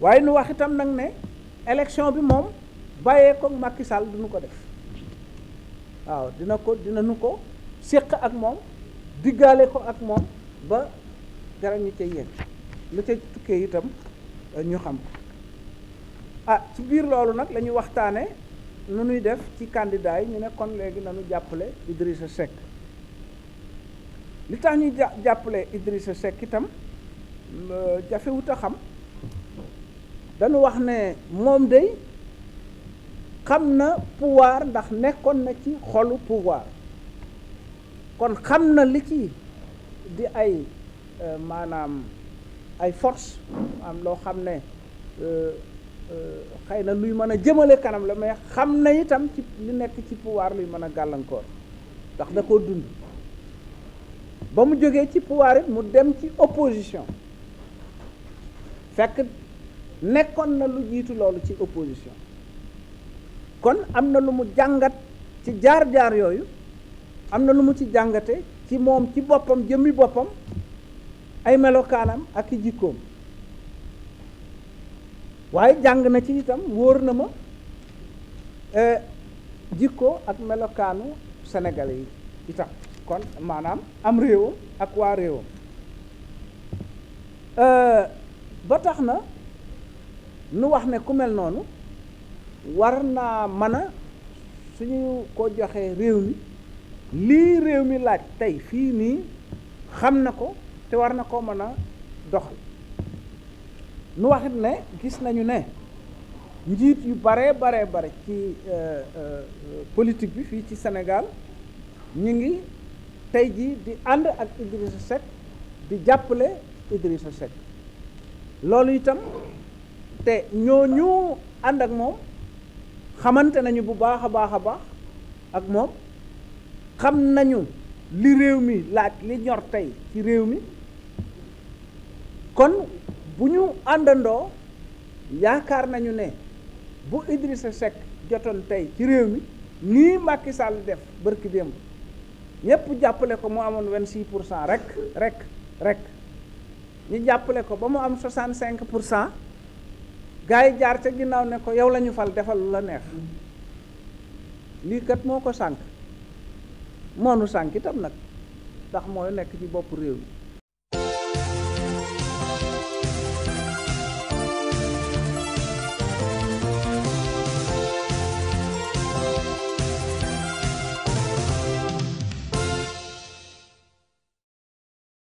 waaye nu wax itam nag ne élection bi moom bàyyee ko Macky Sall duñu ko def waaw dina ko dina nu ko séq ak moom diggaale ko ak moom ba dara ñu ca yéen lu ca tukkee itam ñu xam ko ah ci biir loolu nag la ñuy waxtaane nu nuy def ci candidat yi ñu ne kon léegi nañu jàppale Idrissa Seck li tax ñuy jàppale Idrissa Seck itam jafewut a xam dañu wax ne moom day xam na pouvoir ndax nekkoon na ci xolu pouvoir kon xam na li ci di ay euh, maanaam ay force am loo xam ne euh, euh, xëy na luy mën a jëmale kanam la mais xam na itam ci li nekk ci pouvoir luy mën a gàllankoor ndax da ko dund ba mu jógee ci pouvoir it mu dem ci opposition fekk nekkoon na lu jiitu loolu ci opposition kon am na lu mu jàngat ci jaar-jaar yooyu am na lu mu ci jàngate ci moom ci boppam jëmmi boppam ay melokaanam ak i jikkoom waaye jàng na ci itam wóor na ma e, jikko ak melokaanu sénégalais yi itam kon maanaam am réewam ak waa réewam e, ba tax na nu wax ne ku mel noonu war naa mën a suñu ko joxee réew mi lii réew mi laaj tey fii nii xam na ko te war na koo mën a doxal nu wax ne gis nañu ne njiit yu bare bare bare ci euh, euh, politique bi fii ci senegal ñu ngi tey jii di ànd ak Idrissa Seck di jàppale Idrissa Seck loolu itam te ñoo ñooñu ànd ak moom xamante nañu bu baax a baax a baax ak moom xam nañu li réew mi laaj li ñor tey ci réew mi kon bu ñu àndandoo yaakaar nañu ne bu Idrissa Seck jotoon tey ci réew mi nii Macky Sall def bërki démb ñépp jàppale ko mu amoon vingt six pour cent rek rek rek ñu jàppale ko ba mu am soixante cinq pour cent gars yi jaar ca ginnaaw ne ko yow la ñu fal defal lu la neex lii kat moo ko sànk moonu sànk itam nag ndax mooy nekk ci bopp réew mi